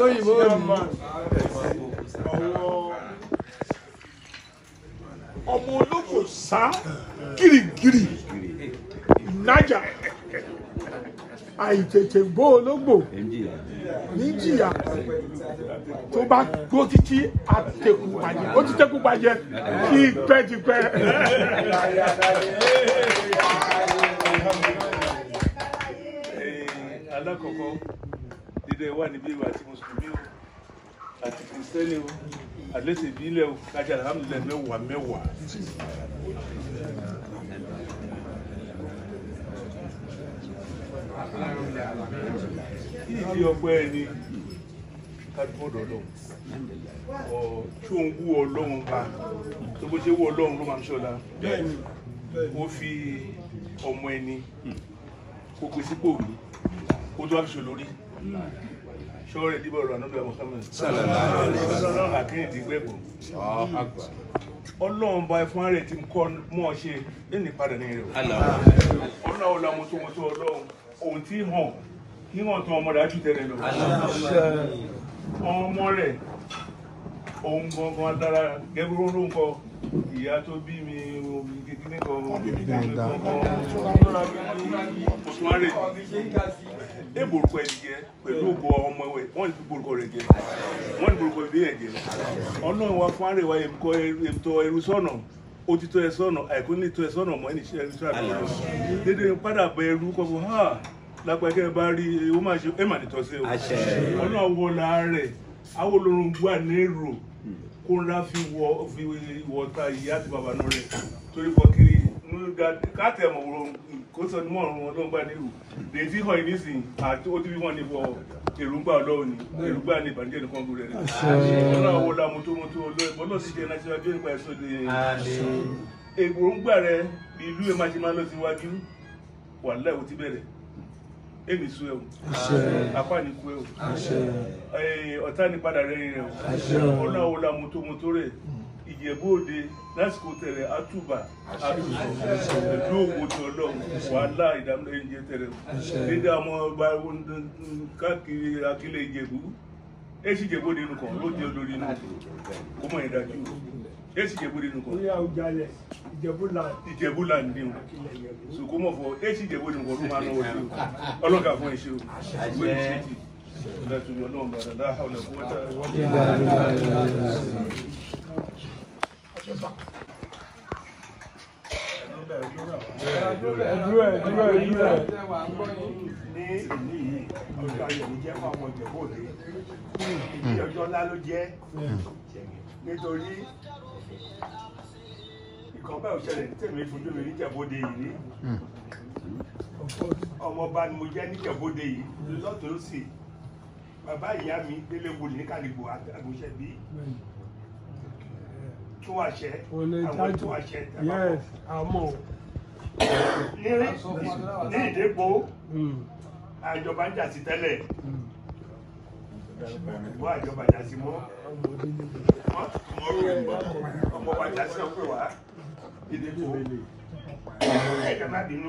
lóyìnbó yìí ọwọ́ ọmọ olóko sá gírígírí nájà àìtètè gbó ológbò níjìyà tó bá gbó títí àtẹkù pàjẹ ó ti tẹkù pàjẹ kí pẹ́tipẹ́. alákọ̀ọ́kọ́ dídẹ wà níbí ìwà àti mùsùlùmí o àti kìrìsìtẹ́nì o àdìlẹ́sẹ̀ ìbílẹ̀ o kájà alhamdulillah mẹ́wàá mẹ́wàá. ìdí ọpẹ́ ẹni kádùmọ̀dọ̀ ọlọ́run ọ̀ tí òun wú ọlọ́run bá tó bó ṣe wú ọlọ́run ló máa ń ṣọ́la ó fi ọmọ ẹni kó pèsè pò mí kó tó wá fi ṣòlórí sórí ìdìbò rẹ̀ nínú ẹ̀mọ́ sọ́mọ́ àkínyìntì gbẹ̀gbọ̀n ọlọ́run bá ẹ fún ààrẹ tí kọ́ mọ́ ọ ṣe lẹ́nu ìpadà ní rẹ̀ ọlọ́run ọlọ́run mọ́tòmọ́tò ọlọ́run ohun tí hàn kí hàn tán ọmọ rẹ̀ á jù tẹ́lẹ̀ lọ ọmọ rẹ̀ ohun gangan dára gẹ́gẹ́ ló ń kọ ìyá tó bí mi omi kékeré kan ọmọ mi kékeré kan ọmọ mi kékeré kan ọmọ mi kékeré kan eborukwelige pẹ̀lú ògo ọmọwé wọ́n ti borukọ̀rẹ̀gẹ wọ́n ti borukọ̀rẹ̀gẹ ọlọ́run wa fún àríwá èmkọ ètò ẹrú ẹ àìkú ní ẹ ṣe ẹrú dédé padà ẹrú ha bá rí ewu máa ṣe ní tọ́sí o wọ fi wọ fi wọta ìyá àti bàbá náà torí kiri kó sọ ní mọ̀ọ́rùn wọn lọ́ngbà nírú lèyí tí hàn nísìn àti ó ti bí ní wọ èròǹgbà ọlọ́run ni èròǹgbà ní ìbànújẹ́ nìkan gbúrú rẹ̀ ọ̀nà àwọn ọ̀làmù tó mú tó ọlọ́ọ̀bọ̀ náà sì jẹ́ national bí nípa ẹ̀sọ́ de èròǹgbà ìlú ẹ̀ máa ṣe máa lọ síwájú wàhálà ẹ̀ ò ti bẹ̀rẹ̀ èmi sú ẹ o apá ni kú ẹ o ọ̀tá ni padà rẹ̀ rẹ̀ o ọ̀nà àwọn ọ̀làmù tó mú tó rẹ̀ hmm yẹ̀bóde lásìkò tẹ̀lé àtúbà àtúbà ẹ̀dùn òwò tí ọlọ́run wàhálà ìdààmú ẹ̀jẹ̀ tẹ̀lé dídá ọmọ ọba káàkiri akílẹ̀ ìjẹ̀bú èsì ìjẹ̀bóde nù kàn ló jẹ́ olórí inú kò mọ̀ ìdájú èsì ìjẹ̀bóde nù kàn. bóyá o jalè ìjẹ̀búlà. ìjẹ̀búlà ń dín o sùkú mọ̀ fọ èsì ìjẹ̀bóde nù ló máa náwó sí o ọlọ́gà fún ẹ̀ṣẹ̀ o ìwé ìṣèjì لا حول ولا قوة إلا بالله ẹdúró ẹdúró ẹdúró ẹ. ní ìní yìí ọjọ́ ayọ̀ ní jẹ́ fún àwọn ìjọba òde ìdí ọjọ́ ńlá ló jẹ́ nítorí ìkan báyìí ṣẹlẹ̀ tèmi fojú mi níjẹ̀bú òde yìí ní ọmọọba ni mo jẹ́ níjẹ̀bú òde yìí lọ́tọ̀ọ́sì bàbá ìyá mi délé wòlíì kálígbò àgbòṣẹ́bí tú àṣẹ àwọn tú àṣẹ tẹ̀lé ní ìdẹ́gbò hmm. àjọba jà sí tẹ́lẹ̀ wọ́n hmm. àjọba jà sí mọ́ ọmọ wa jà sí ọ̀pẹ̀ wá ìdẹ́gbò ẹ̀ka má bínú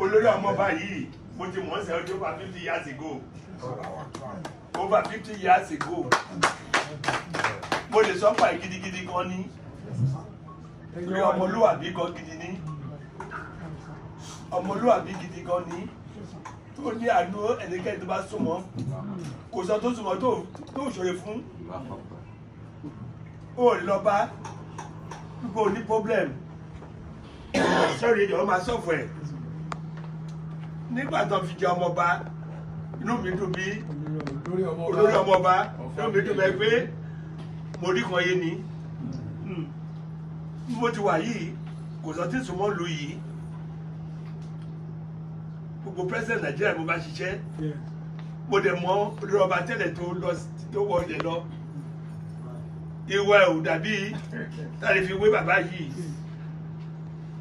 olórí ọmọọba yìí mo ti mọ̀ ọ́n sẹ́yìn ojú over fifty years ago over fifty years ago mo lè sọ pa ẹ gidigidi gan ni torí ọmọlúwàbí gan gidi ni ọmọlúwàbí gidi gan ni tó ní àánú ẹnikẹ́ni tó bá súnmọ́ kò sọ tó súnmọ́ tó ṣòro fún ó lọ bá gbogbo ní problem sọ́ọ̀rì èdè ọmọ asọ́fọ̀ ẹ̀ nígbà tó fi jẹ ọmọba inú mi dùn bí olórí ọmọba inú mi dùn bẹ́ẹ̀ pé mo rí kan yé ni hmm. bí mo ti wà yìí kò sọ tí sùnmọ́ lu yìí gbogbo president Nàìjíríà mo bá ṣiṣẹ́ mo dẹ̀ mọ́ rọba tẹ́lẹ̀ tó wọlé lọ hmm. ìwà ẹ̀ ò dàbí tá fi wé bàbá yìí. Hmm.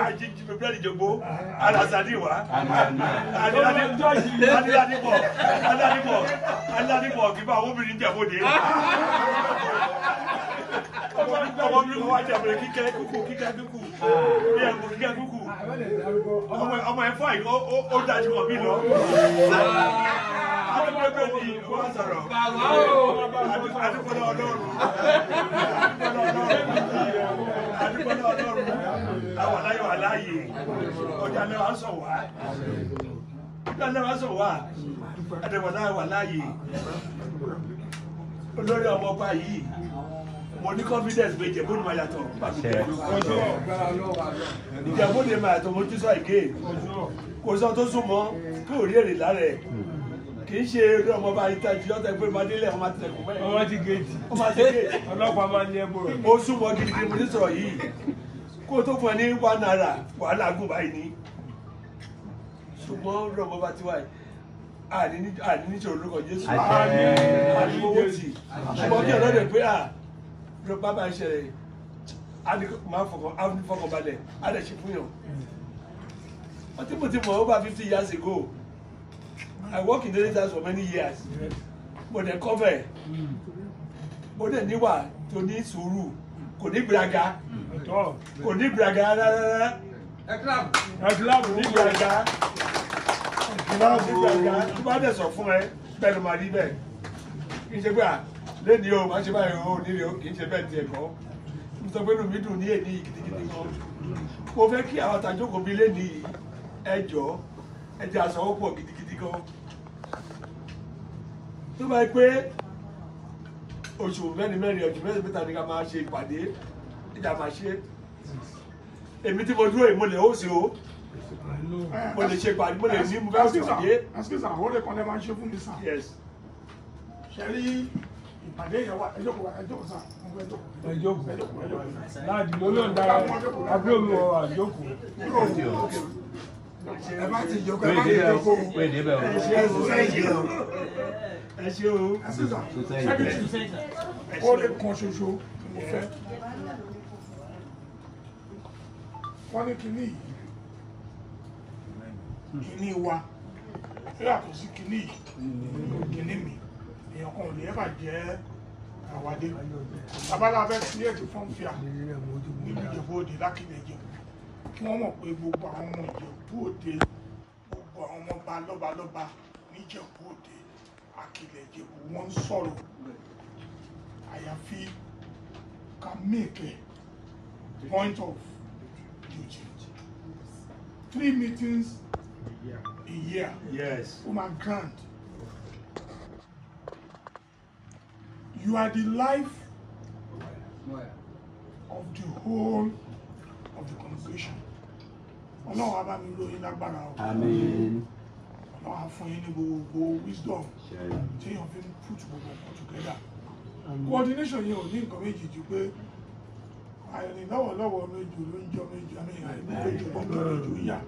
ajiji bẹbẹ ìjọgbó alasadiwa aladibọ aladibọ aladibọ kíbá obìnrin jẹbóde ọmọ mi wá jẹbóde kíkẹ kúkú kíkẹ kúkú bí ẹkú kíkẹ kúkú ọmọ ẹfọ yìí ó dájú ọmọ mi lọ ẹgbẹ́ ti ìlú wa sọ̀rọ̀. Adúpọ̀lọ́ ọlọ́run. Adúpọ̀lọ́ ọlọ́run. Àwọn aláyọ̀ aláyè. Ọjà lẹ́wà ń sọ̀ wá. Ọjà lẹ́wà ń sọ̀ wá. Adẹ̀wọ̀lá wà láàyè. Olórí ọmọ ọba yìí mo ní confidence pé ìjẹ̀bú ni máa yàtọ̀ ìjẹ̀bú ni máa yàtọ̀ mo tún sọ ìgé kò sọ tó súnmọ́ kí ò rí èrè lára ẹ̀ kì í ṣe eré ọmọ bá yìí tají lọ́tẹ̀ pé madílẹ̀ ọmọ àtẹ̀kùn bẹ́ẹ̀. ọmọ ti géètì ọmọ ti géètì ọlọ́pàá máa ń yẹ bọ̀. ó súnmọ́ gidigidi mo ti sọ̀rọ̀ yìí kó tó fún ẹ ní one naira wàhálà gùn báyìí ní. ṣùgbọ́n eré ọmọ bá ti wáyé àní níṣẹ́ olórúkọ Jésù àní owó tì ṣùgbọ́n kí ọlọ́dẹ pé à rẹ bábà ṣẹlẹ̀ máa fọkàn balẹ̀ á lè ṣe fún yàn. ọtí mo ti mọ̀ over fifty years ago. I work in the tax for many years mo dẹ̀ cover ẹ̀ mm. mo dẹ̀ níwà tó ní sùúrù kò ní gbéraga mm. kò ní gbéraga rárá ẹ kíláàbù ẹ kíláàbù ní gbéraga ní gbéraga tó bá dẹ̀ sọ fún ẹ bẹ́ẹ̀ ló máa rí bẹ́ẹ̀ kì í ṣe pé à lẹ́ni o máa ṣe báyìí o nílé o kì í ṣe bẹ́ẹ̀ tiẹ̀ kọ́ mo sọ pé inú mi dùn ní èdè gidigidi kan mo fẹ́ kí àwọn àtàjókòó mi lẹ́ni ẹjọ́ ẹjẹ́ àsọwọ́pọ̀ gidigidi kan tó bá yẹ pé oṣù mẹ́rin mẹ́rin oṣù mẹ́rin mẹ́ta ni ká máa ṣe ìpàdé ìjà máa ṣe èmi tí mo dúró yìí mo lè hóòsì o mo lè ṣe ìpàdé mo lè ní mo fẹ́ ìpàdé. ẹsikisa àwọn ọ̀rẹ́ kan lè máa ṣe fún mi sàn. ṣe ìpàdé yẹn wà ẹjọ́ kò wá ẹjọ́ kò sàn ẹjọ́ kò ẹjọ́ kò láàdì lórí ọ̀daràn abúlé mi wọ̀ kò ẹ má ti jókòó ẹ má ti jókòó ẹ ṣe ẹ sùn sẹ́yìn o ẹ ṣe o ẹ sùn sẹ́yìn o ó lè kan ṣoṣo mo fẹ́ wọ́n ní kínní yìí kínní wa rírà kò sí kínní yìí kínní mi èèyàn kan ò lè ẹ́ bà jẹ́ àwàdé abala abẹ́ sílẹ̀ tó fọ́n fìyà níbi ìjẹ̀bú òde lákìlẹ̀ ìjẹ̀bú kí wọ́n mọ̀ pé gbogbo àwọn ọmọ ìjẹ̀bú òde gbogbo àwọn ọmọ ba lọ́balọ́ba níjẹ̀bú òde àkìlẹ̀ ìjẹ̀bú wọ́n ń sọ̀rọ̀ àyàfi ká mẹ́kẹ̀ point of duty three meetings a year yes ó oh máa grand you are the life of the whole of the congregation ọlọ́run á bá mi lóyún lágbára o ọlọ́run á fún yín ní gbogbo wisdom tí èèyàn fi ń put gbogbo ọkọ̀ together coordination yẹn ò ní nǹkan méjì ju pé àìrìn lọ́wọ́lọ́wọ́ méjì ló ń jọ méjì àmì àìrìn méjì bọ́ńkì méjì ó yà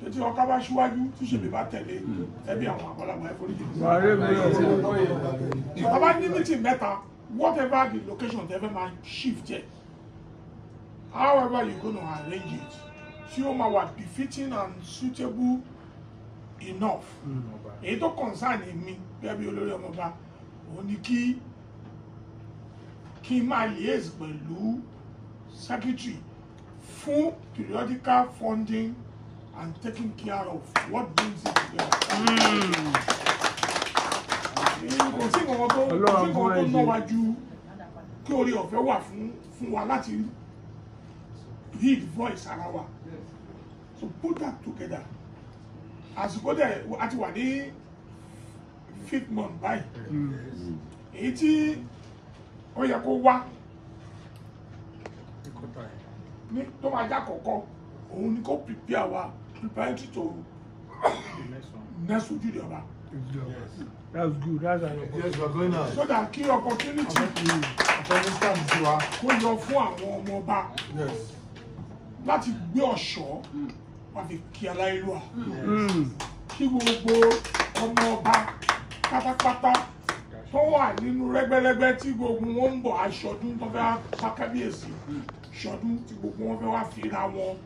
ṣé tí ọkà bá ṣíwájú tí ṣèlè bá tẹ̀lé hmm. ẹbí àwọn àgbàlagbà ẹ̀fọ́ríjì. ìjọba bá ní mítì mẹ́ta whatever the location tẹ́fẹ́ máa shift yẹ however you gonna arrange it tí ó máa wà and suitable enough hmm. èyí tó concern mi gẹ́gẹ́ bí olórí ọmọọba òun ni kí kí n máa liaise pẹ̀lú secretary fún periodical funding and taking care of what brings it together. Hmm. kò sí nǹkan tó kò sí nǹkan tó náwó ju kí orí ọ̀fẹ́ wà fún fún wa láti heed voice ara wa to put that together àsìkò go there, at wà ní fifth month báyìí mm. èyí tí ó yẹ kó wá ní tó máa já kọ̀ọ̀kan òun ni kó prepare wa preparatory to next one. ìdí ọba. That's good. That's an opportunity. Yes, we're going out. So that key opportunity. Understand, you are. Kó yọ fún àwọn ọmọ ọba. Yes. Láti gbé ọ̀ṣọ́. Mm wọ́n fi kí Aláyélúwà hmm. kí gbogbo ọmọ ọba pátápátá tó wà nínú rẹ́gbẹ́rẹ́gbẹ́ tí gbogbo wọn ń bọ̀ aṣọ́dún tó fẹ́ wá kábíyèsí ṣọdún tí gbogbo wọn fẹ́ wá fira wọn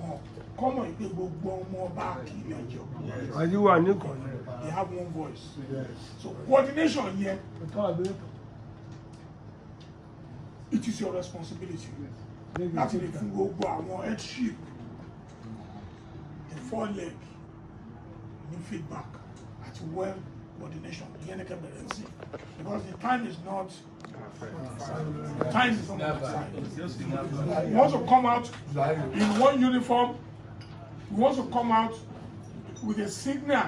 hàn kọ́mọ̀ ìpè gbogbo ọmọ ọba kì í lẹ́jọ́. ayé wà nìkan. they have one voice. so coordination yẹn. it is your responsibility láti lè fún gbogbo àwọn headship Four foreleg ní feedback àti well coordination ìyẹn ní kẹbẹ̀rẹ̀ sí because the time is not the time is not outside we want to come out in one uniform we want to come out with a signal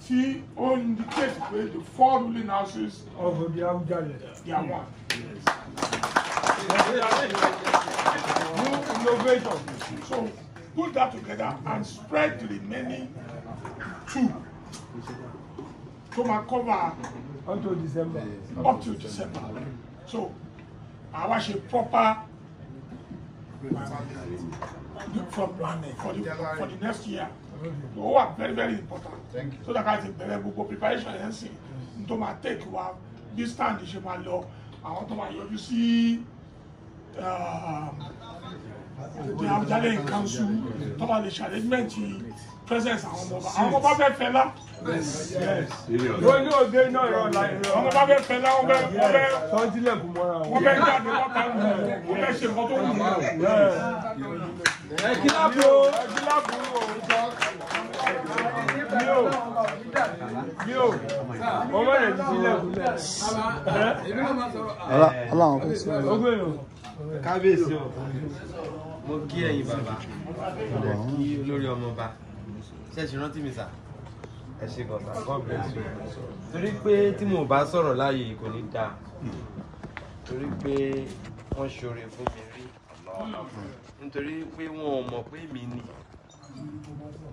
See, ó indicate where the four ruling houses of the Awujale they are one. Yes. Yes. Yes. Yes. Yes. Yes. Yes. Yes. New innovation. So put that together and spread the remaining two to ma cover until December up to December so I àwa a proper the from planning for the for the next year so very very important so that guys, ti bẹ̀rẹ̀ gbogbo preparation ẹ̀ ń sìn n tó ma take wa bí stand ṣe ma lọ àwọn tó ma the Abdalen Council tó bá lè ṣàlẹ́gbẹ̀ẹ́ ti presence àwọn ọmọ ọba àwọn ọmọ ọba fẹ́ fẹ́ lá. lóyún òde iná ìrọ̀ ọ̀la ìrọ̀ ọmọ ọba fẹ́ fẹ́ lá wọ́n bẹ́ wọ́n bẹ́ wọ́n bẹ́ jáde wọ́n ta wù wọ́n bẹ́ ṣe nǹkan tó wù wọ́n. ẹ kíláàbù o ẹ kíláàbù o yóò yóò ọmọ rẹ̀ ti sílẹ̀ kúlẹ̀. ọlọ́run kò sí ọ̀rọ̀ kábíyèsí o mo kí ẹ̀yin bàbá mo kí olórí ọmọọba ṣẹ́ẹ̀ṣì rántí mi sà ẹ ṣe bọ̀sà god bless you torí pé tí mo bá sọ̀rọ̀ láàyè kò ní dáa torí pé wọ́n ṣoore fún mi rí nítorí pé wọn ò mọ̀ pé mi ni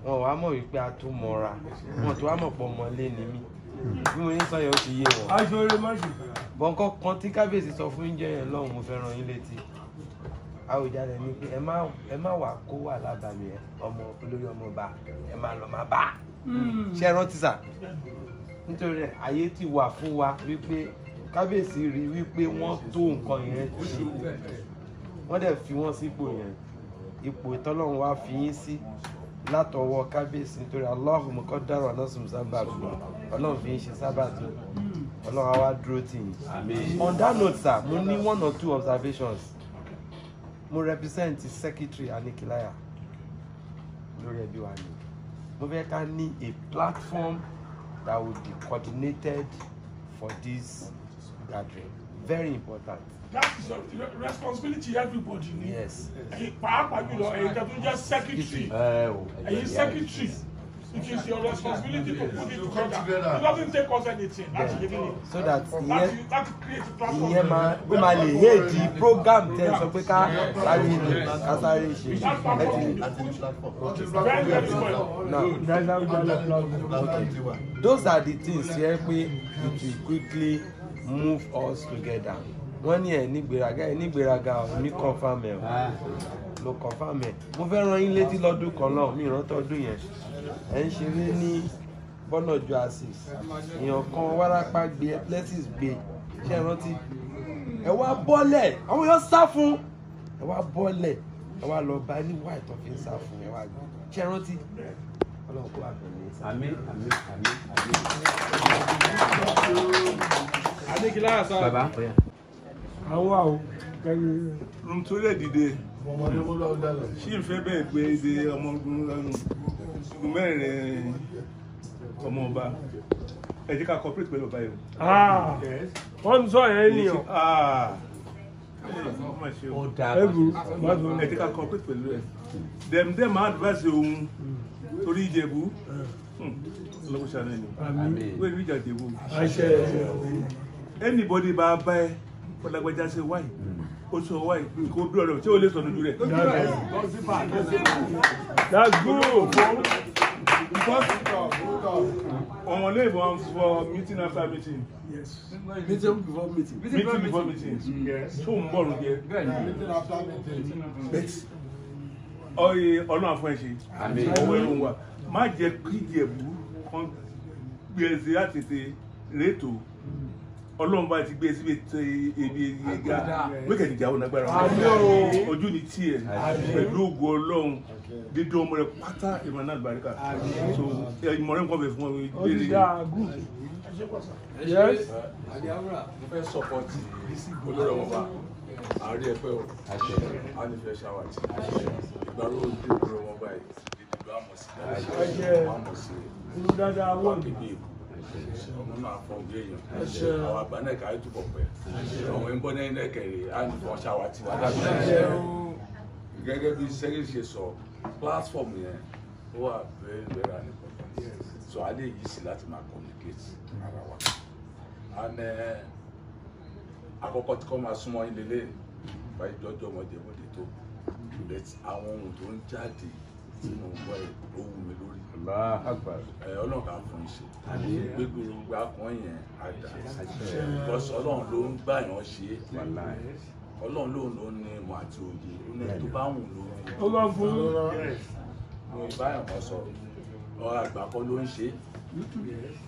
wọn ò wá mọ̀ wípé a tún mọ́ra wọn ò tún wá mọ̀ pọ̀ mọ́lé ni mí bí mo ní sọ yẹn ó ti yé wọn. aṣọre má ṣe fẹ́. bọ̀ǹkọ́ kan tí kábíyèsí sọ fún oúnjẹ yẹn lọ́hùn mo fẹ́ yín létí Àwùjalẹ̀ ni pé ẹ má wà kó wà lábàmì ẹ ọmọ olórí ọmọ ọba ẹ má lọ má bá hmm. ṣe rántí sà nítorí ayé ti wà fún wa wípé kábíyèsí rí wípé wọ́n tó nǹkan yẹn ṣe wọ́n dẹ̀ fi wọ́n sípò yẹn ipò ìtọ́lọ́run wá fi yín sí látọwọ́ kábíyèsí nítorí Allahu muqaddaru anásùn sábà fún ọlọ́run fi ń ṣe sábà ọlọ́run àwa dúró tì yín. on that note sir mo ní one or two observations mo represent secretary Anikilaya lórí ẹbí wa ni mo fẹ́ ká ní a platform that will be coordinated for this gathering very important. that is a responsibility everybody needs. yes. ẹ̀yin pàápàá jùlọ ẹ̀yin tẹ́ tún jẹ́ secretary you secretary it is your responsibility to put it together it doesn't take us anything That's yẹ kíni. so that ìyẹn ìyẹn máa bí We lè yé di program tẹ sọ pé ká sáré ṣe ká sáré ṣe ẹ ti now those are the things yẹ pé it will quickly move us together wọ́n ní ẹ̀ nígbèraga ẹ̀ nígbèraga ò ní confam ẹ̀ ló confam ẹ̀ mo fẹ́ rán yín létí lọ́dún kan náà mi ìrántí ọdún yẹn ẹ̀ ń ṣeré ní bọ́nàjọ asis èèyàn kan wárápá gbé athletics gbé ṣe rántí ẹ wá bọ́lẹ̀ àwọn èèyàn sá fún ẹ wá bọ́lẹ̀ ẹ wá lọ bá ní wáì tó fi ń sá fún ẹ wá gbé ṣe rántí ọlọ́run kó wà pẹ̀lú ẹ sá. àmín àmín àmín àmín adékìlá àṣà bàbá ọ̀yà. àwọn àwọn kẹrin. rum tó lè dìde ṣì ń fẹ́ bẹ́ẹ̀ pé èdè ọmọ ogun lọ́nu ṣùgbọ́n mẹ́rin ọmọ ọba ẹ jẹ́ ká cooperate pẹ̀lú ah, ọba yẹn. Ah. wọ́n ń sọ ẹ̀ ní ọ. ẹ jẹ́ ká cooperate pẹ̀lú ẹ̀ dem dem máa advice òun torí ìjẹ̀bú hmm. hmm. ọlọ́kùnrin ṣàlàyé ni wọ́n rí ìjà ìjẹ̀bú anybody bá bá ẹ ọlágbẹjà ṣe say why? Also why? kó dúró rẹ ṣé o lè sọ lójú rẹ. that's good. because ọmọ ilé ìbọn for meeting after meeting. yes meeting before meeting. meeting before meeting. Yes. so n bọ̀ lóde. meeting after meeting. ọyẹ ọlọ́run àfọ ẹ̀ ṣe ọwọ́ ẹ̀rọ wa má jẹ́ kí ìdí ẹ̀bù kan gbé ẹsẹ̀ láti ṣe rétò ọlọ́run bá ti gbé síbi ètò ebi gíga wíkẹ̀ ti jáwọ́ lágbára ojú ni tiẹ̀ pẹ̀lú ògo ọlọ́run dídún ọmọ rẹ pátá ìmọ̀ náà gbàríkà so ìmọ̀ rẹ nǹkan bẹ̀ fún ọ ìbéèrè. adiawura mo fẹ́ sọpọ́tì olórí ọmọba àárẹ̀ ẹ̀fẹ́ o a ní fẹ́ ṣàwàtì ìgbàlódé olórí ọmọba yìí dídí gbàmọ̀ sí i àmọ̀ sí i wọ́n á bèbè ìbò nínú àfọ̀gbé èèyàn àwọn àgbà náà kàá túbọ̀ pẹ́ àwọn ń bọ́ náà náà kẹ̀rẹ̀ á ní fọ́n ṣáwa tiwa lábẹ́ gẹ́gẹ́ bí sẹ́yìn ṣe sọ platform yẹn ó wà very very important so a lè yí sí láti máa communicate ara wa and àkọ́kọ́ tí kò máa súnmọ́ ilé lé báyìí jọjọ́ ọmọdé bòde tó àwọn ohun tó ń jáde sínú nǹkan ẹ̀ tó wù mí lórí. ẹ ọlọ́run kà fún iṣẹ́ gbégbóngbà kan yẹn àdá bọ́sọ̀ ọlọ́run ló ń gbà yàn ṣe ọlọ́run lòun ló ní ìmọ̀ àti òye ó ní tó bá wù ló ní. ó bá fún un. mo ìbáyọ̀ kan sọ ọ̀rọ̀ àgbà kan ló ń ṣe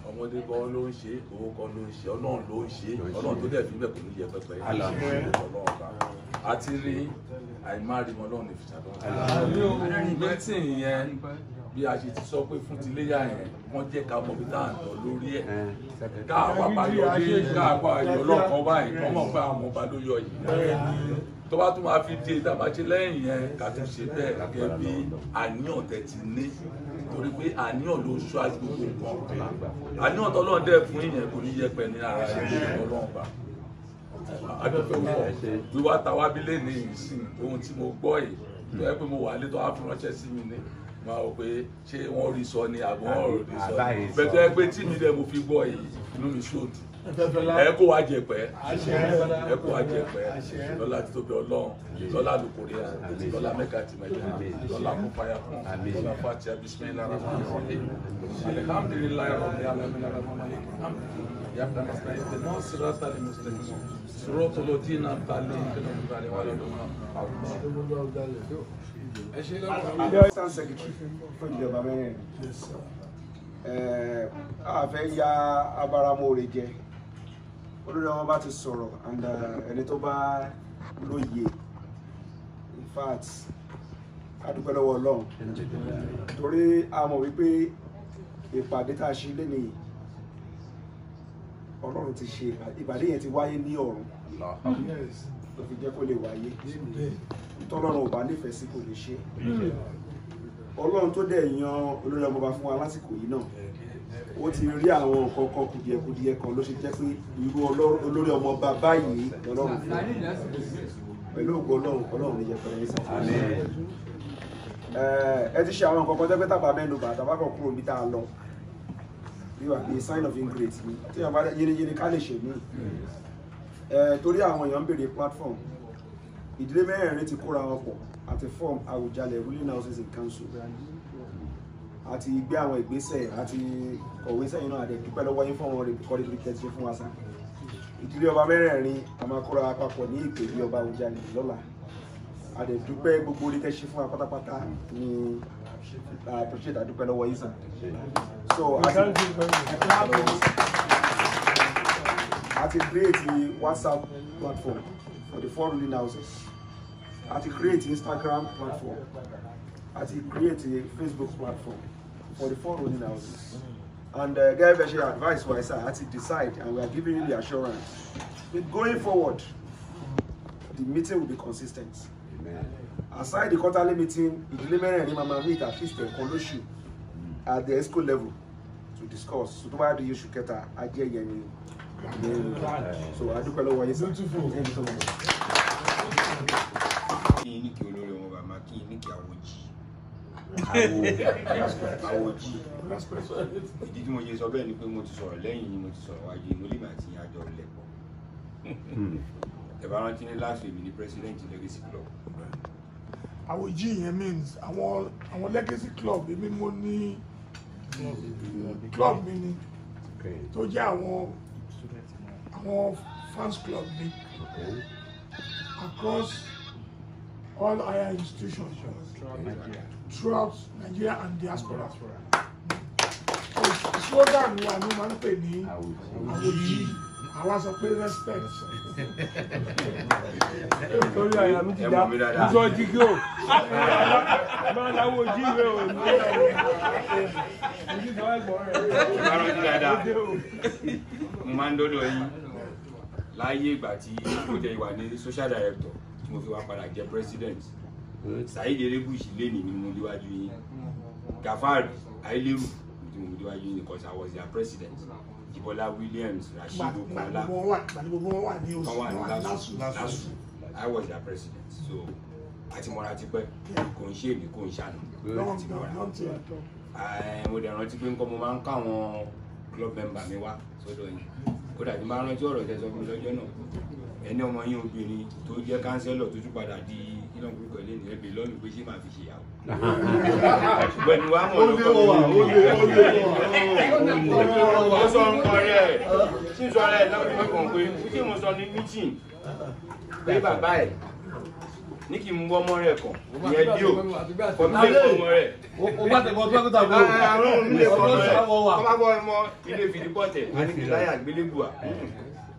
ọmọdé kan ló ń ṣe owó kan ló ń ṣe ọlọ́run ló ń ṣe ọlọ́run tó dẹ̀ fi bẹ̀ kò ní yẹ pẹpẹ ọlọ́run kan àti rí àìmárìmọ́ ọlọ́run ní fìtàdọ́rùn mítìn yẹn bí a ṣe ti sọ pé fún ti léyà yẹn wọ́n jẹ́ ká mọ̀ bí tá à ń lọ lórí ẹ̀ ká àpapà yọ dé ká àpapà yọ lọ́kàn báyìí wọ́n mọ̀ pé àwọn ọba ló yọ yìí tó bá tún máa fi di ìdàbàṣe lẹ́yìn yẹn ká tún ṣe bẹ́ẹ̀ gẹ́gẹ́ bí àníyàn tẹ̀ ti ní torí pé àníyàn ló ṣọ́ àgbègbè nǹkan àníyàn tọ́lọ́run dẹ̀ fún ìyẹn kò ní yẹpẹ̀ ní ara ẹ̀ ọlọ́run bá abẹ́fẹ́ wọ̀ wíwá táwa bílẹ̀ ní ìsìn ohun tí mo gbọ́ yìí tó yẹ pé mo wà létọ́ àfiránṣẹ́ sí mi ni mo rò pé ṣé wọ́n rí sọ ni àbọ̀ wọ́n rò rí sọ ni bẹ́tọ́ ẹ pé tí mi dẹ̀ mo fi gbọ́ yìí inú mi ṣòdù ẹ kó wa jẹ pẹ́ ẹ kó wa jẹ pẹ́ lọ́lá títóbi Ọlọ́run lọ́lá lukuri lọ́lá mẹ́ka tìmẹlẹ lọ́lá kópáyà kún lọ́lá fati abisimilayi rahman rahim alihamdulilayi rahman rahim alihamdulilayi. يا ابن نستعين بالنور صراط المستقيم صراط الذين انعمت عليهم غير المغضوب عليهم àfẹ́ ya abáramóore jẹ olórí àwọn bá ti sọ̀rọ̀ and ẹni tó bá lóye in fact adúpẹ́ lọ́wọ́ ọlọ́run torí a mọ̀ wípé ìpàdé tá a ṣe lé nìyí ọlọ́run ti ṣe ìbàdí yẹn ti wáyé ní ọ̀run ló fi jẹ́ kó lè wáyé tọ́lọ́run ò bá nífẹ̀ẹ́ sí kò lè ṣe ọlọ́run tó dẹ̀ yan olórí ọmọba fún wa lásìkò yìí náà ó ti rí àwọn nǹkan kan kùdìẹ̀kùdìẹ̀ kan ló ṣe jẹ́ pé irú olórí ọmọba báyìí lọ́lọ́run fún pẹ̀lú ògo ọlọ́run ọlọ́run ní yẹpẹrẹ ní sàkóso ẹ ti ṣe àwọn nǹkan kan tẹ́gbẹ́tàbà mẹ́nu bàtà bá kàn kúrò níta lọ wíwà a sign of ingrate ni tí wọn bá yínníyínní ká lè ṣe mí torí àwọn èèyàn ń béèrè platform ìdílé mẹ́rẹ̀ẹ̀rin ti kóra wọn àti form Àwùjalẹ̀ ruling houses in council àti gbé àwọn ìgbésẹ̀ àti kọ̀wé sẹ́yìn náà àti dúpẹ́ lọ́wọ́ yín fún àwọn kọ́lẹ́bí tẹ́tí ṣe fún wa sáà ìdílé ọba mẹ́rẹ̀ẹ̀rin a máa kóra papọ̀ ní ìpè ní ọba Àwùjalẹ̀ lọ́la a gbogbo orí tẹ́ṣe fún wa pátápátá ní appreciate àdúpẹ́ lọ́wọ́ yín sàn so a ti create the WhatsApp platform for the four ruling houses a ti create the Instagram platform a ti create the Facebook platform for the four ruling houses and uh, gẹ́gẹ́ bẹ́ẹ̀ advice wa ṣáà a ti decide and we are giving you the assurance that going forward the meeting will be consistent. Amen. Aside the quarterly meeting, the mẹ́rẹ̀ẹ̀rin máa meet at least ẹ̀kan lóṣù at the school level to discuss so tó bá di oṣù kẹta ajé ẹ̀yẹ ni so adúpẹ́ lọ́wọ́ yín sir thank you so much. kí ni kí olórí wọn bá máa kí ni kí àwòjì àwòjì ìdí tí mo yẹ sọ bẹ́ẹ̀ ni pé mo ti sọ̀rọ̀ lẹ́yìn ni mo ti sọ̀rọ̀ wájú inú lè má ti àjọ lẹ̀pọ̀ hmm. ẹ̀bá rántí ní last week ni president legacy club. àwòjì yẹn means àwọn àwọn legacy club èmi mo ní club mi ni tó jẹ́ àwọn àwọn fans club mi across all higher institutions throughout Nigeria and diaspora slogan wa ni wọ́n máa ń pè ní àwòyí àwa sọ pé respect torí àyà mi ti dá ìjọ jígí o máa láwọ jíire o ní ìjọ ẹ̀gbọ́n rẹ. mo máa ń dọ́dọ̀ yín láyé ìgbà tí mo jẹ ìwà ní social director tí mo fi wá padà jẹ president Saheed Elégùṣì lẹ́nìí ni mo déwájú yín Gafari Aileru ni mo déwájú yín because I was their president. Jibola Williams Rasheed Okunla. Mo wà ní lásù. I was their president so àtìmọ́ra ti pẹ́ kò ń ṣe èmi kò ń ṣàná àtìmọ́ra mo dẹ̀ rántí pé nǹkan mo máa ń ká àwọn club member mi so sọ́dọ̀ yìí ó dàbí máa rántí ọ̀rọ̀ tẹ sọ fún mi lọ́jọ́ náà ẹni ọmọ yín obìnrin tó jẹ́ kánsẹ́lọ̀ tó tún padà di iná gbogbo ilé nìyẹn bí lọ́nù pé ṣé máa fi ṣèyàwó. ṣùgbọ́n ni wàá mọ̀ lọ́kọ́ mi. ó lè ó lè ó lè ó sọ nǹkan rẹ̀ ṣíṣọ́ rẹ̀ lọ́wọ́ ìgbẹ́kàn pé ṣé mo sọ ní meeting pé bàbá ẹ̀ ní kí n wọ ọmọ rẹ kàn ìyẹn bí o kọ mi lè fọmọ rẹ. o bá tẹ̀ bọ́ tó bá tó tà bọ́. àwọn ò ní lè fọmọ rẹ kọ́ bá bọ́ ọmọ ilé fìdíbọ̀tẹ̀ àti kìláyà gbélébùà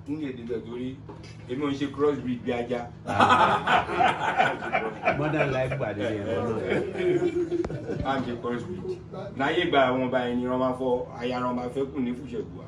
n lè dìbẹ̀ torí èmi ò ń ṣe cross breed bí ajá. mọ́dà láì pàdé ẹ̀rọ náà. a ń ṣe cross breed náà gba àwọn ọba ẹni wọn máa fọ aya wọn máa fẹ́ kù ní fùṣẹ̀gùwà.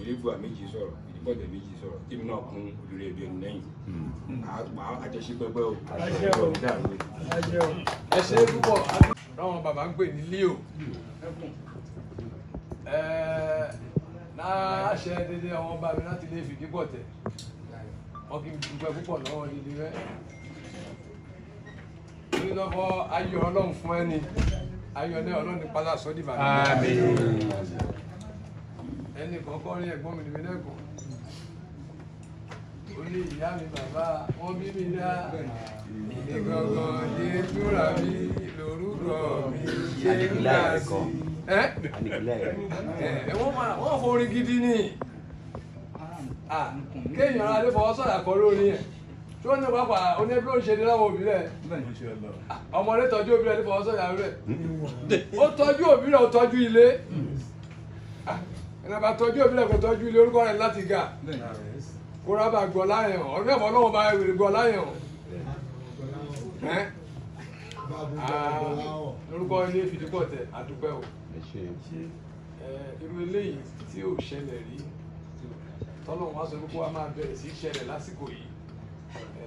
ìlébùwà méjì sọ̀rọ̀ ìdíbọ̀dẹ̀ méjì sọ̀rọ̀ tèmi náà kún olórí ẹbí ẹni lẹ́yìn hmm. àgbà àjọṣe pẹ́pẹ́ o ẹ ṣe é púpọ̀ ráwọn bàbá ń pè ní leo náà dédé àwọn ọba mi láti lè fìdí pọ̀ tẹ̀ wọn dúpẹ́ púpọ̀ lọ́wọ́ nídìí rẹ̀ nílọ́wọ́ ayọ̀ ọlọ́run fún ẹni ayọ̀ náà ọlọ́run padà sọ́dí bàbá ẹnì kan kọrin ẹ̀gbọ́n mi níbi lẹ́kọ̀ọ́ ó ní ìyá mi bàbá wọn bí mi dá ìní gangan yé túra mi lórúkọ mi ṣe ń gbà sí ẹ wọ́n forin gidi ni kéèyàn ara lè fọwọ́ sọ̀rọ̀ kọ́ lórí ẹ̀ tí wọ́n ní pápá oníbi ó ń ṣe ní láwọn òbí rẹ̀ ọmọ rẹ̀ tọ́jú òbí rẹ̀ lè fọwọ́ sọ̀rọ̀ rẹ̀ ó tọ́jú òbí rẹ̀ ó tọ́jú ilé ìrìnàbà tọ́jú òbílẹ̀ kò tọ́jú ilé orúkọ rẹ̀ láti ga kó rábà gbọ́ láyẹ̀ o ọdún ẹ̀fọ́ lọ́wọ́ bá wèrè gbọ́ láyẹ̀ ọ̀ orúkọ ah, ilé fìdíkọ̀ tẹ̀ àdúpẹ́ o irú eléyìí tí ò ṣẹlẹ̀ rí tọ́lọ́run wá sọ pé kó wá máa bẹ̀rẹ̀ sí ṣẹlẹ̀ lásìkò yìí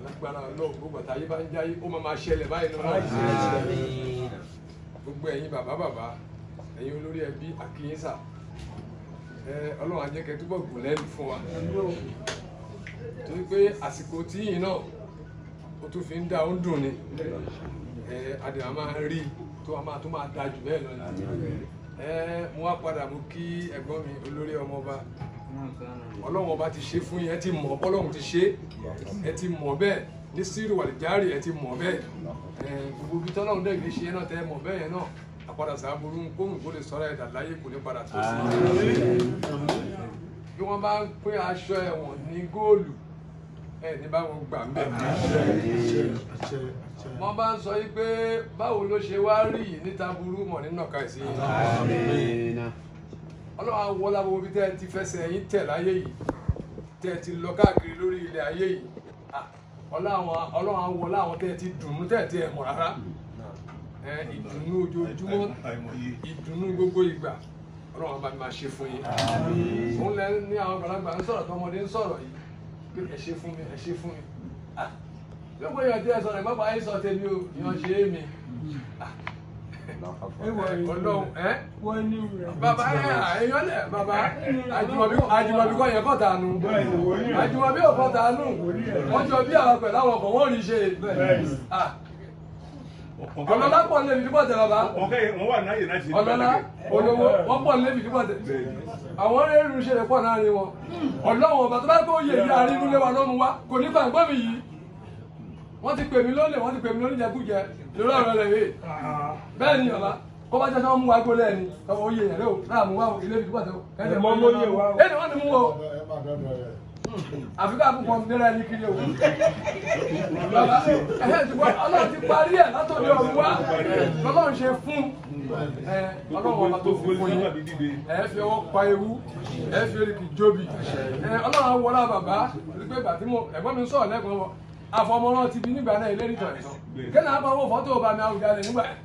lágbára ọlọ́run gbogbo àtàyè bá ń jáyé ó máa máa ṣẹlẹ̀ báyìí lọ́wọ́ gbogbo ẹ̀yin bàbá bàbá ẹ̀yin olórí ẹbí àkíyèsà ọlọ́run àjẹkẹ́ túbọ̀ gùn lẹ́nu fún wa torí pé àsìkò tíyìn náà ó tún fi ń dá ó ń dùn ni adé a máa rí tó a máa tó máa da jù bẹ́ẹ̀ lọ mo wá padà mo kí ẹ̀gbọ́n mi olórí ọmọọba ọlọ́run ọba ti ṣe fún yín ẹ ti mọ̀ ọlọ́run ti ṣe ẹ ti mọ̀ bẹ́ẹ̀ ní sírù wàlìjárì ẹ ti mọ̀ bẹ́ẹ̀ gbogbo ibi tọ́lọ́run dẹ̀ gbé ṣe náà tẹ́ mọ̀ bẹ́ẹ̀ yẹn náà àpadà sàbúrú kóhùn kó lè sọ̀rọ̀ ẹ̀dà láyé kò ní padà tó sí. bí wọ́n bá pín aṣọ ẹ̀wọ̀n ní góòlù ẹ̀ ní báwọn gbà ń bẹ̀. wọ́n bá ń sọ yí pé báwo ló ṣe wá rí yìí níta burú mọ̀ nínú ọ̀ka ìsí yìí. ọlọ́run àwọn ọlábọ̀ bí tẹ́ ẹ ti fẹsẹ̀ yín tẹ̀ láyé yìí tẹ́ ẹ ti lọ káàkiri lórí ilẹ̀ ayé yìí ọlọ́run àwọn tẹ́ ẹ ti dùn tẹ́ ẹ ti ẹ̀ mọ̀ rárá ìdùnnú ojoojúmọ́ ìdùnnú gbogbo ìgbà ọlọ́run bá mi máa ṣe fún yín òun lẹ ní àwọn àgbàlagbà ń sọ̀rọ̀ tọmọdé ń sọ̀rọ̀ yìí ẹ ṣe fún mi ẹ ṣe fún mi gbogbo èèyàn tí ẹ sọ̀rọ̀ ìgbọ́n ayé sọ tèmi o ìyàn ṣe é mi bàbá ẹ àyànlẹ̀ bàbá àjùmọ̀bí kọ́ yẹ kọ́ tànù àjùmọ̀bí ò kọ́ tànù wọ́n jọ bí àwọn pẹ̀lú àwọn ọkọ̀ wọ́n rí ṣe ọ̀nà ńlá pọ̀ lébi nígbà tẹ bàbá ọ̀nà ńlá olówó wọ́n pọ̀ lébi nígbà tẹ àwọn ẹrù ṣe lè pọ̀ láàrin wọn ọlọ́wọ̀n ọba tó bá kó yẹ yí àrínú lẹ́wà lọ́nu wa kò ní gbàgbọ́ mi yìí wọ́n ti pè mí lólè wọ́n ti pè mí lórí jẹkújẹ lórí ọ̀rọ̀ rẹ̀ rè bẹ́ẹ̀ ni ọ̀la kó bá jẹ́sán mú agolo ẹni ọmọ oyè yẹn lé o láàmú wa ilé ibi tó bá tẹ o àfi ká kúkọ nira ẹni kiri ewu bàbá ẹhẹ ti bọ Ọlọ́run ti parí ẹ látọdí ọrùn wa lọ́lọ́run ṣe fún ẹ Ọlọ́run ọba tó fún fún yín ẹ fi ọwọ́ pa ewu ẹ fi eriki jóbi ẹ Ọlọ́run awọlá bàbá wípé bàtí mo ẹ̀gbọ́n mi sọ̀rọ̀ lẹkọọ àfọmọràn ti di nígbà náà ìlérí kan ìtàn kí ni a bá wọ fọ́tò ọba mi àwùjalè nígbà yẹn.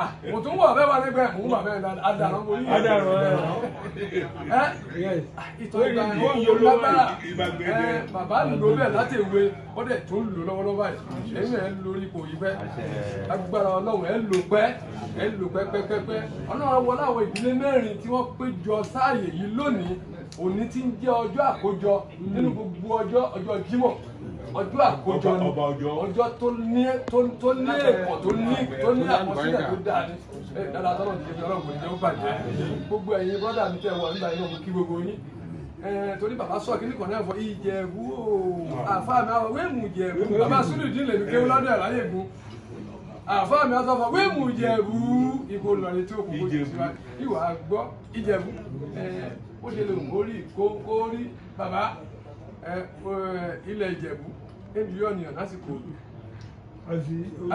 Ah, mo tún wà bẹ́ẹ̀ wà lẹ́gbẹ̀ẹ́ mo ń wà bẹ́ẹ̀ adarọ̀ mo yí. adarọ̀ ẹ ẹ ìtọ́ ìgbà yóò lágbára ẹ bàbá lò bẹ́ẹ̀ láti ìwé ó dẹ̀ tó ń lò lọ́wọ́lọ́wọ́ báyìí ẹ̀yin ẹ̀ ń lórí ipò yìí pẹ́ agbára ọlọ́run ẹ̀ ń lò pẹ́ ẹ̀ ń lò pẹ́pẹ́pẹ́ ọlọ́run wọlé àwọn ìdílé mẹ́rin tí wọ́n péjọ sáàyè yìí lónìí òní ti ń jẹ́ ọjọ́ àkójọ nínú gbogbo ọjọ́ ọjọ́ Jímọ̀ ọjọ́ àkójọ ni ọjọ́ tó ní ẹ̀kọ́ tó ní tó ní àkọsílẹ̀ tó dáa ni dáadáa tọ́lọ̀ ti fi ọlọ́run kò ní jẹ́ ó bàjẹ́ gbogbo ẹ̀yin bọ́dà mi tẹ̀ wọ nígbà yìí náà mo kí gbogbo yín torí bàbá sọ kí nìkan náà fọ ìjẹ̀bú àfa mi àwọn wéèmù ìjẹ̀bú bàbá sùnú ìdílé mi kéwú lọ́dọ̀ ẹ̀ láyé bu àfa mi àwọn sọfọ wéèmù ìjẹ̀bú ìbò lọ́ọ̀rẹ́ tó kù kó jẹ́ síwájú ìwà gbọ́ ìjẹ̀bú ó ṣe lè mú orí kó kó rí bàbá ilẹ̀ ìjẹ̀bú níbi ọ̀nìyàn lásìkò òdu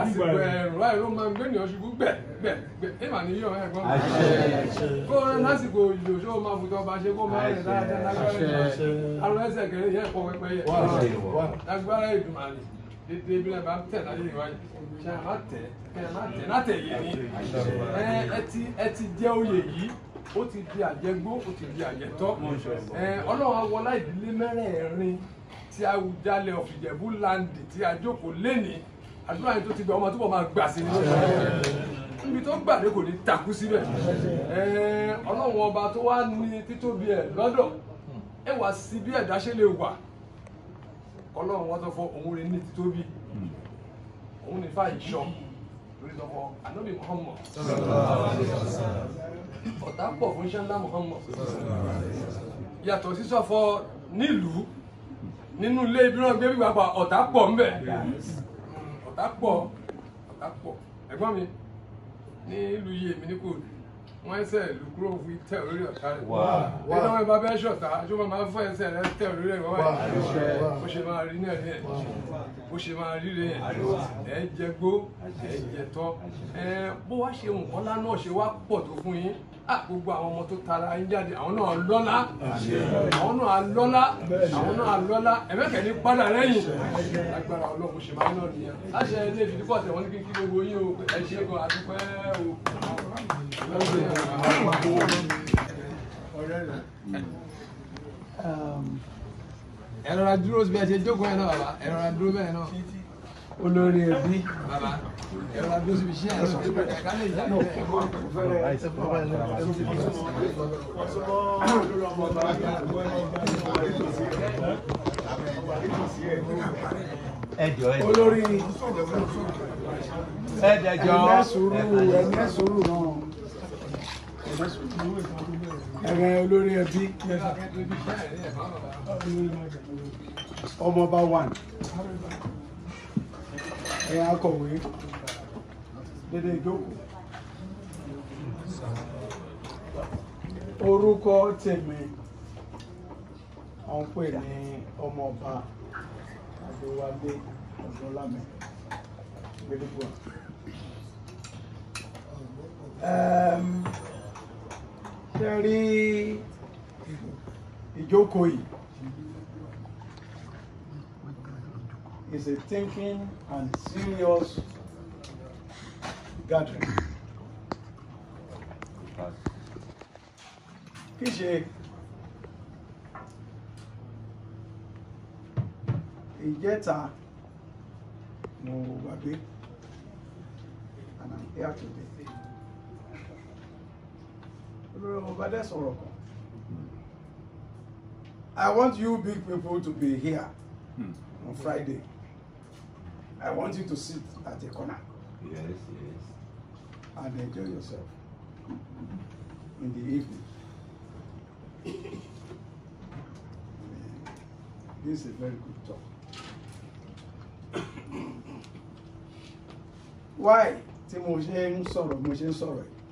àsìkò ẹ̀rùn láì ló máa ń gbé ènìyàn ṣubú gbẹ̀ gbẹ̀ gbẹ̀ ìmà ní yíyan ẹ̀gbọ́n kó lásìkò òjò ṣó máa fùtọ́ bá ṣe kó máa rìn dáadáa lágbára àrùn ẹsẹ̀ kẹrẹ yẹ ẹ̀kọ́ pẹpẹyẹ lágbára Èdùmàrè ètò ìbílẹ̀ bá tẹ̀ láyé ìwáyé ṣe àmà tẹ̀ kẹ̀ àmà tẹ̀ látẹ̀ yẹ ni ẹ ti jẹ́ oyè yìí ó ti di àjẹgbó ó ti di àjẹtọ́ ọlọ́run awọlá ìdílé mẹ́rẹ̀ẹ̀rin tí Awùjalẹ̀ of Ìjẹ̀bú láǹdì tí a jókòó lénìí àdúrà yìí tó ti gbà ọmọ túbọ̀ máa gbà sí ní ibi tó gbà ní kò ní takú síbẹ̀ ọlọ́run ọba tó wá ní títóbi ẹ̀ lọ́dọ̀ ẹ wá sí bí ẹ̀dá ṣe lè wà ọlọ́run wọn tó fọ òun rẹ̀ ní títóbi hmm. òun ní ìṣọ́ lọ́wọ́ ànábì Muhammad ọ̀tá pọ̀ fún ṣẹ́ńlá Muhammad yàtọ̀ sísọ̀fọ̀ nílùú nínú ilé ibi náà gbé wíwá pa ọ̀tá pọ̀ ńbẹ̀ ọ̀tá pọ̀ ọ̀tá pọ̀ ẹ̀gbọ́n mi nílùú yìí èmi ní kò rí wọ́n ẹsẹ̀ lùkúrò fi tẹ̀ lórí ọ̀tá rẹ̀. wà wà ẹ̀ bá bẹ́ẹ̀ ṣọ̀tá ṣó máa fún ẹsẹ̀ rẹ̀ tẹ̀ lórí ẹ̀ bó ṣe máa rí náà yẹn bó ṣe máa rí rẹ̀ ẹ̀ jẹ gbó ẹ̀ jẹ tọ́ ẹ̀ bó wá ṣe nǹkan lánàá ṣe wá pọ̀ tó fún yín ah, gbogbo àwọn ọmọ tó tara ń jáde àwọn náà lọ́lá àwọn náà lọ́lá àwọn náà lọ́lá ẹ̀mẹ́kẹ̀ ní padà lẹ́yìn agbára ọlọ́run ṣe máa ń náà nìyẹn láṣẹ ilé ìfìdípọ̀ tẹ̀wọ́n ní kí gbogbo yín o ẹ ṣe é gan àdúpẹ́ o ẹ̀rọra dúró bí ẹ ṣe jókòó yẹn náà bàbá ẹ̀rọra dúró bẹ́ẹ̀ náà olórí ẹbí bàbá ẹ̀rọra dúró síbi ṣé àìsàn tó bẹ̀rẹ̀ ká lè yá lọ́wọ́ ẹjọ ẹjọ olórí ẹjọ ẹjọ ẹmẹsùrù ẹmẹsùrù náà ẹ̀rọ olórí ẹbí ọmọọba one ẹ̀yà akọ̀wé dédé ìjókòó orúkọ tèmi ọ̀n pè ní ọmọọba adéwálé ọdúnlámẹ gbẹdúgbọ. Um, ṣe rí ìjókòó yìí is a thinking and serious gathering. kì í ṣe ìjẹta mo gbàgbé and I'm here today olórí ọmọọba sọ̀rọ̀ kan I want you big people to be here hmm. on Friday I want you to sit at a corner yes, yes. and enjoy yourself in the evening. This is a very good talk. Why tí mo ṣe ń sọ̀rọ̀ mo ṣe ń sọ̀rọ̀ yìí?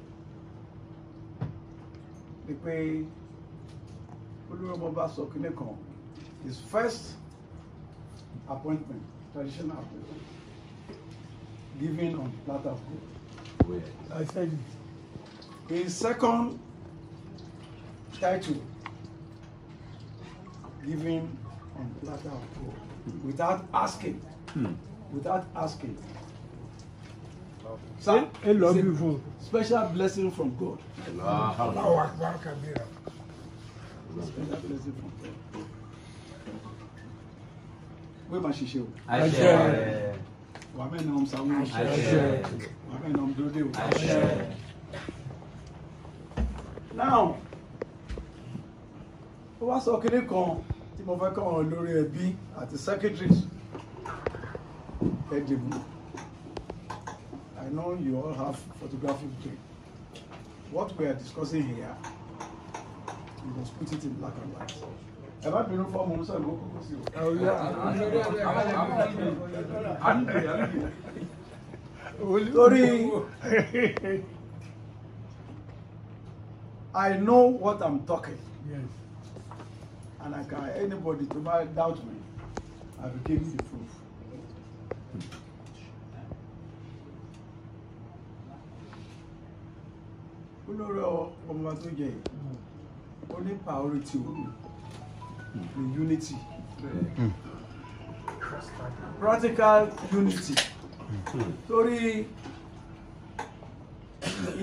ni pé olúrọ̀mọba sọ kínní kan his first appointment traditional appointment given on platter of gold. I said it. His second title given on platter of gold without asking. Hmm. Without asking. Some I Special blessing from God. Allah Akbar Kabira. Where my shishu? Àṣẹ. Wàmẹ́ nà ọ̀m sàmú. Àṣẹ. Wàmẹ́ nà ọ̀m dòdè. Àṣẹ. Now, ó wá sọ kínní kan tí mo fẹ́ kọ́ ọ lórí ẹbí àti I know you all have photographic brain. What we are discussing here, you must put it in black and white. ẹ bá bínú fọmù musa ló kókó sí o. Oh, torí I know what I'm talking. Yes. And I can anybody to doubt me, I will give you the proof. olórí ọmọ tó jẹ yìí ó ní priority ní unity practical unity torí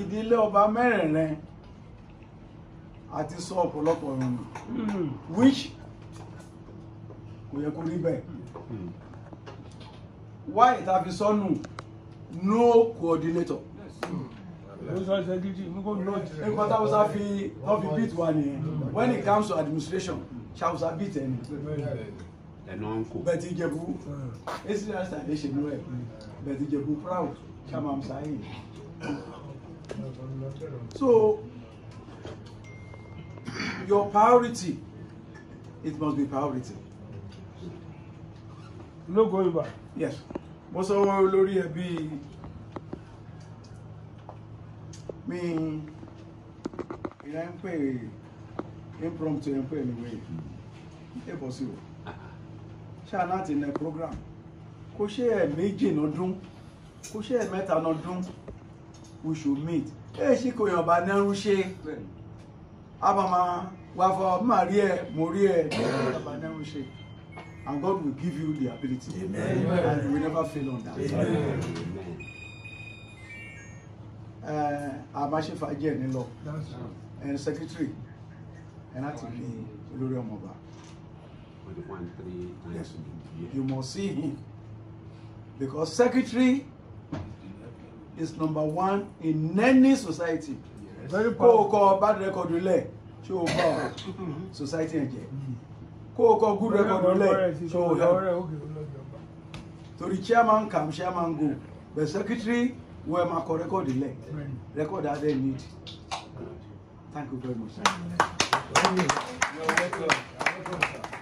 ìdílé ọba mẹ́rẹ̀ẹ̀rin àti sọ ọ̀pọ̀lọpọ̀ ọ̀run which kò yẹ kó rí bẹ́ẹ̀ why ta fi sọnù no coordinator nǹkan táwùsá fi wọ́n fi beat wa nìyẹn when it comes to administration ṣàwùsá beat ẹni ẹnu ọ̀nkò bẹ̀tì ìjẹ̀bú ẹ̀sìn àṣà ẹ̀ṣẹ̀ mi rẹ̀ bẹ̀tì ìjẹ̀bú proud ṣàmàm sáyìn so your priority it must be priority. No going back. yes mo sọ lórí ẹbí mi ìyá ń pè impromptu ń pè níwèé ẹ bọ́ sí o ṣáà láti nẹ program kò ṣe ẹ méjì lọ́dún kò ṣe ẹ mẹ́ta lọ́dún we should meet ẹ ṣì kò yàn bá nẹ́rú ṣe abàmà wàfọ̀ máa rí ẹ mo rí ẹ bá nẹ́rú ṣe. And God will give you the ability. Amen. And you will never fail on that. Amen. Amen àbáṣefàájì eh, ẹ̀ nílọ ẹ̀ secretary ẹ̀ láti fi olórí ọmọọba. Yes, you must see him because secretary is number one in any society. kó o kọ bad record lẹ̀ ṣé o bá society ẹ̀ jẹ́ kó o kọ good record lẹ̀ ṣé o help torí chairman kam chairman go but secretary wọ́n ẹ máa kọ rẹ́kọ̀dì lẹ̀ rẹ́kọ̀dì adé need thank you very much. Thank you. You're welcome. You're welcome, sir.